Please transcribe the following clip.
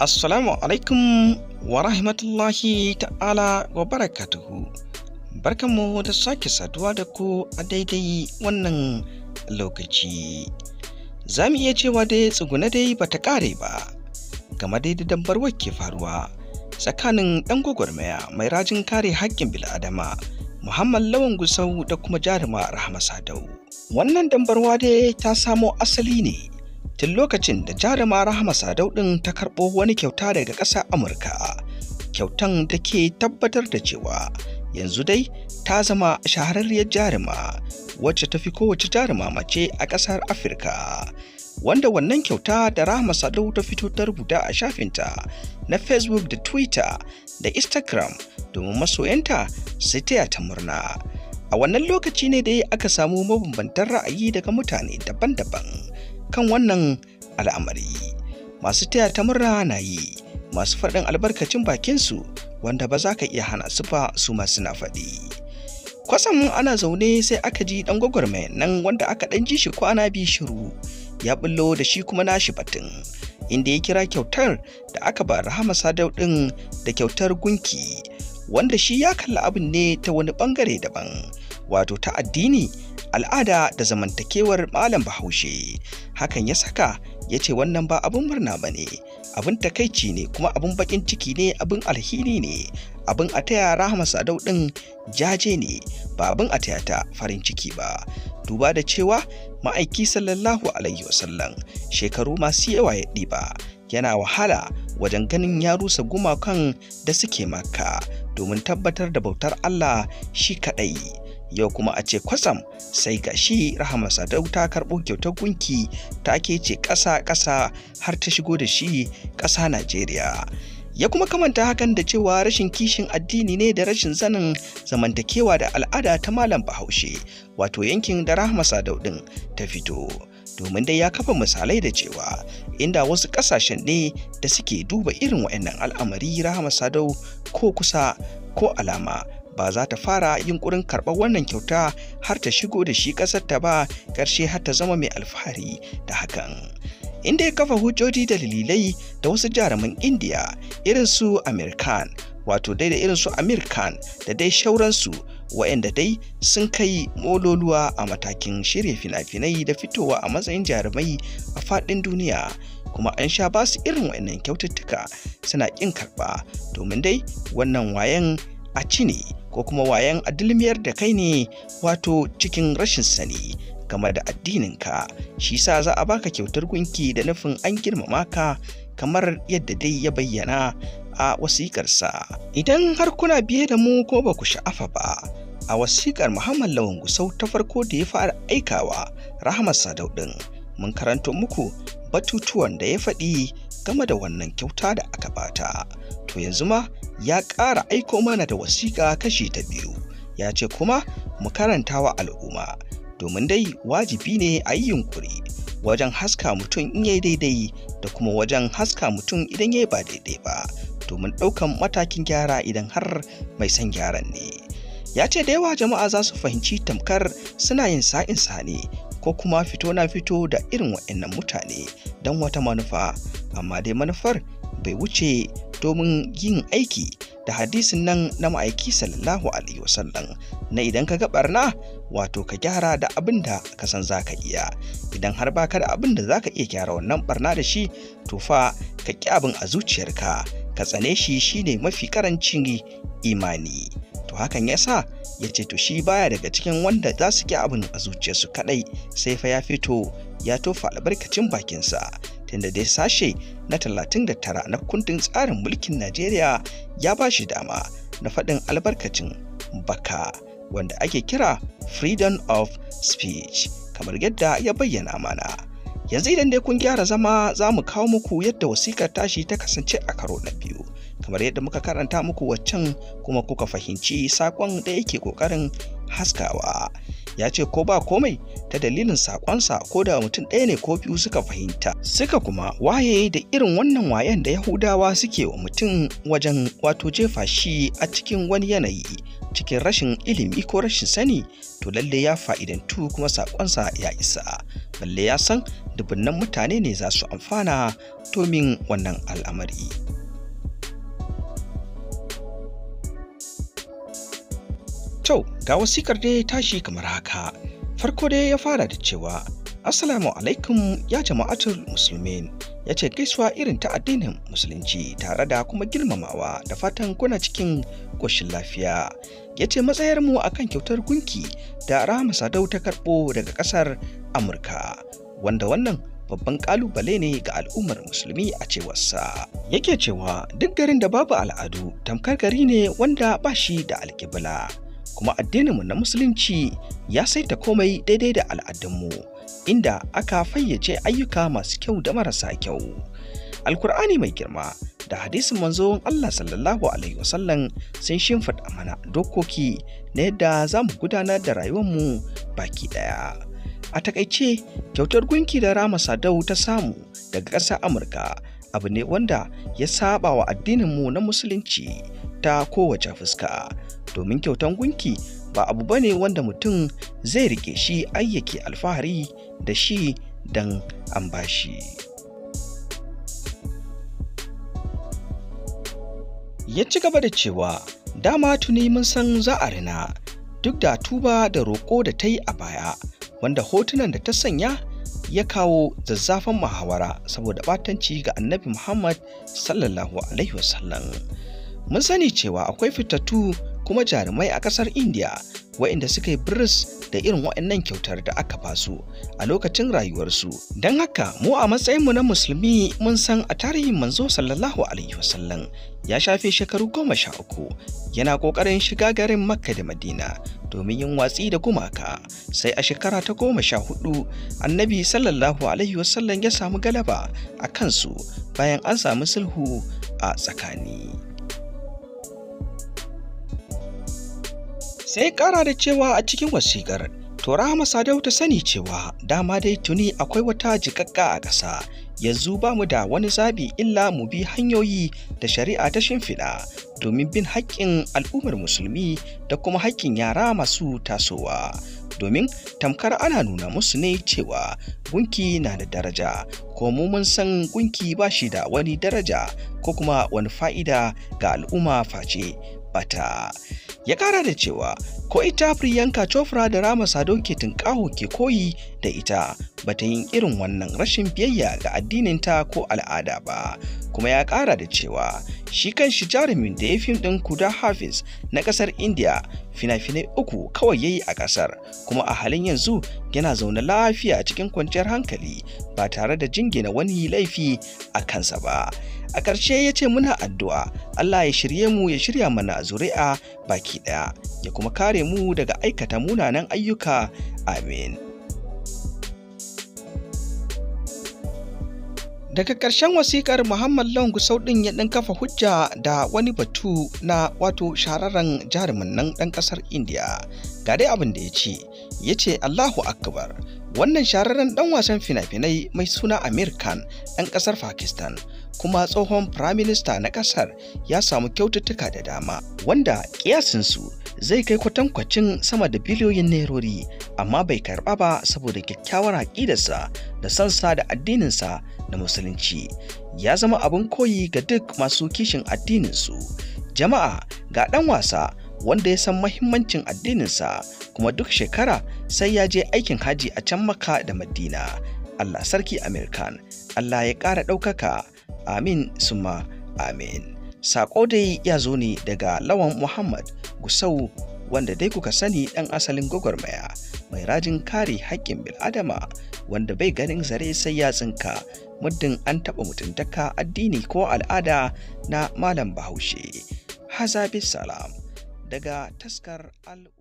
Assalamu alaikum wa rahmatullahi ta'ala wa barakatuhu. Barkanmu da sake saduwa da ku a daidai wannan lokaci. Za mu iya cewa dai tsuguna dai bata kare ba, game da dambarwar ke faruwa tsakanin ɗan gwagwarmaya mai rajin kare haƙƙin bil'adama Muhammad Lawan Gusau da kuma jaruma Rahama Sadau. Wannan dambarwa dai ta samo asali ne tun lokacin da jaruma rahama sadau ɗin ta karɓo wani kyauta daga ƙasa amurka kyautan da ke tabbatar da cewa yanzu dai ta zama shahararriyar Jarima, wacce ta fi kowace Jarima mace a ƙasar afirka wanda wannan kyauta da rahama sadau ta fito ta rubuta a shafinta na facebook da twitter da instagram domin masoyanta su taya ta murna a wannan lokaci ne da aka samu mabambantan ra'ayi daga mutane daban-daban kan wannan al'amari masu taya ta murna na yi masu faɗin albarkacin bakinsu wanda ba za ka iya hana su ba, su ma suna faɗi kwatsam ana zaune sai aka ji ɗan gwagwarmaya nan wanda aka ɗan ji shi kwana biyu shiru ya ɓullo da shi kuma nashi batun inda ya kira kyautar da aka ba rahama sadau ɗin da kyautar gunki wanda shi ya kalli abin ne ta wani ɓangare daban wato ta addini al'ada da zamantakewar malam bahaushe hakan ya saka ya ce wannan ba abin murna ba ne abin takaici ne kuma abin bakin ciki ne abin alhini ne abin a taya rahama sadau ɗin jaje ne ba abin a taya ta farin ciki ba duba da cewa ma'aiki sallallahu alaihi wasallam shekaru masu yawa ya ɗiba yana wahala wajen ganin ya rusa gumakan da suke maka, domin tabbatar da bautar allah shi kaɗai yau kuma a ce kwasam sai ga shi rahama sadau ta karɓo kyautar gunki ta ce ƙasa ƙasa har ta shigo da shi ƙasa najeriya ya kuma kamanta hakan da cewa rashin kishin addini ne da rashin zanin zamantakewa da al'ada ta malam bahaushe wato yankin da rahama sadau ɗin ta fito domin dai ya kafa misalai da cewa inda wasu ƙasashen ne da suke duba irin waɗannan al'amari rahama sadau ko kusa ko alama ba za ta fara yunkurin karɓar wannan kyauta har ta shigo da shi ƙasar ta ba ƙarshe har ta zama mai alfahari da hakan inda ya kafa hujjoji da dalilai da wasu jaruman indiya irin su amirkan wato dai da irin su amir da dai shauransu waɗanda dai sun kai mololuwa a matakin shirya fina-finai da fitowa a matsayin jarumai a faɗin duniya kuma an sha ba su irin waɗannan kyaututtuka suna ƙin karɓa domin dai wannan wayan a ci ne ko kuma wayan adilmiyar da kai ne wato cikin rashin sani game da addininka shi sa za a baka kyautar gunki da nufin an girmama ka kamar yadda dai ya bayyana a wasikarsa. idan har kuna biye da mu ko ba ku sha'afa ba a wasiƙar muhammad lawan gusau ta farko da ya fara aikawa rahama sadau ɗin mun karanto muku batutuwan da ya faɗi game da wannan kyauta da aka bata to yanzu ma ya ƙara aiko mana da wasiƙa kashi ta biyu ya ce kuma mu karanta wa al'umma domin dai wajibi ne a yi yunkuri wajen haska mutum in ya daidai da kuma wajen haska mutum idan ya ba daidai ba domin ɗaukan matakin gyara idan har mai son gyaran ne ya ce da yawa jama'a za su fahimci tamkar suna yin sa'in ne ko kuma fito na fito da irin waɗannan mutane don wata manufa amma dai manufar bai wuce domin yin aiki da hadisin nan na ma'aiki sallallahu alaihi wasallam na idan ka ga barna wato ka gyara da abin da ka san za ka iya idan har baka da abin da za ka iya gyara wannan barna da shi to fa ka ƙi abin a zuciyarka ka tsane shi shine mafi karancin imani to hakan yasa ya ce to shi baya daga cikin wanda za su ki abin a zuciyarsu kaɗai sai fa ya fito ya tofa albarkacin bakinsa tunda dai sashe na 39 na kundin tsarin mulkin najeriya ya ba shi dama na faɗin albarkacin baka wanda ake kira freedom of speech kamar yadda ya bayyana mana yanzu idan dai kun gyara zama za mu kawo muku yadda wasikar tashi ta kasance a karo na biyu kamar yadda muka karanta muku waccan kuma kuka fahimci sakon da yake kokarin haskawa ya ce ko ba komai ta dalilin sakonsa ko da mutum ɗaya ne ko biyu suka fahimta suka kuma waye da irin wannan wayen da yahudawa suke wa mutum wajen wato jefa shi a cikin wani yanayi cikin rashin ilimi ko rashin sani to lalle ya fa'idantu kuma sakonsa ya isa lalle ya san dubunnan mutane ne za su amfana domin wannan al'amari kyau ga wasikar dai tashi kamar haka. Farko dai ya fara da cewa, Assalamu alaikum ya jama'atul musulmin. Ya ce gaisuwa irin ta addinin musulunci tare da kuma girmamawa da fatan kuna cikin ƙoshin lafiya. Ya ce matsayarmu a kan kyautar gunki da rama Sadau ta karɓo daga ƙasar Amurka, wanda wannan babban ƙalubale ne ga al'ummar musulmi a cewarsa yake cewa duk garin da babu al'adu tamkar gari ne wanda ba shi da alkibla kuma addininmu na musulunci ya saita komai daidai da al'adunmu inda aka fayyace ayyuka masu kyau da marasa kyau alkur'ani mai girma da hadisin manzon Allah sallallahu alaihi wasallam sun shimfiɗa mana dokoki na yadda za mu gudanar da rayuwarmu baki ɗaya. A takaice, kyautar gunki da Rama Sadau ta samu daga ƙasar Amurka abu ne wanda ya saba wa addininmu na Musulunci ta kowace fuska. domin kyautan gunki ba abu ba ne wanda mutum zai rike shi ayyake alfahari da shi don an bashi. Ya ci gaba da cewa dama tuni mun san za a rina duk da tuba da roƙo da ta yi a baya wanda hotunan da ta sanya ya kawo zazzafan mahawara saboda batanci ga annabi Muhammad sallallahu Alaihi wasallam. Mun sani cewa akwai fitattu kuma jarumai a ƙasar India waɗanda suka yi biris da irin waɗannan kyautar da aka basu a lokacin rayuwarsu. Don haka mu a matsayinmu na musulmi mun san a tarihin manzo sallallahu alaihi wasallam ya shafe shekaru goma sha uku yana ƙoƙarin shiga garin Makka da Madina domin yin watsi da gumaka sai a shekara ta goma sha hudu annabi sallallahu alaihi wasallam ya samu galaba a kansu bayan an samu sulhu a tsakani. sai ƙara da cewa a cikin wasikar, to rahama sadau ta sani cewa dama dai tuni akwai wata jikakka a ƙasa yanzu ba mu da wani zabi illa mu bi hanyoyi da shari'a ta shimfiɗa domin bin haƙƙin al'ummar musulmi da kuma haƙƙin yara masu tasowa domin tamkar ana nuna musu ne cewa gunki na da daraja ko mun san gunki ba shi da wani daraja ko kuma wani fa'ida ga al'umma face bata ya kara da cewa ko ita priyanka chopra da rama sado ke tunƙaho ke koyi da ita ba ta yin irin wannan rashin biyayya ga addininta ko al'ada ba kuma ya kara da cewa shi kan shi jarumin da ya fim ɗin kuda hafiz na ƙasar india fina-finai uku kawai ya yi a ƙasar kuma a halin yanzu yana zaune lafiya cikin kwanciyar hankali ba tare da jingina wani laifi a kansa ba a ƙarshe ya ce muna addu'a Allah ya shirye mu ya shirya mana zuri'a baki ɗaya ya kuma kare mu daga aikata munanan ayyuka amin daga ƙarshen wasiƙar muhammad lan gusau ɗin ya ɗan kafa hujja da wani batu na wato shararren jarumin nan ɗan ƙasar India, ga dai abin da ya ce ya ce allahu akbar wannan shahararren ɗan wasan fina-finai mai suna amerikan ɗan ƙasar pakistan kuma tsohon firaminista na ƙasar ya samu kyaututtuka da dama wanda ƙiyasinsu zai kai kwatankwacin sama da biliyoyin nerori amma bai karɓa ba saboda kyakkyawar aƙidarsa da sansa da addininsa na musulunci ya zama abin koyi ga duk masu kishin addininsu jama'a ga ɗan wasa wanda ya san mahimmancin addininsa kuma duk shekara sai ya je aikin haji a can maka da madina allah sarki american allah ya ƙara ɗaukaka amin suma amin saƙo dai ya zo ne daga lawan muhammad gusau wanda dai kuka sani ɗan asalin gwagwarmaya mai rajin kare haƙƙin bil'adama wanda bai ganin zare sai ya tsinka muddin an taɓa mutuntaka addini ko al'ada na malam bahaushe hazabi salam daga taskar al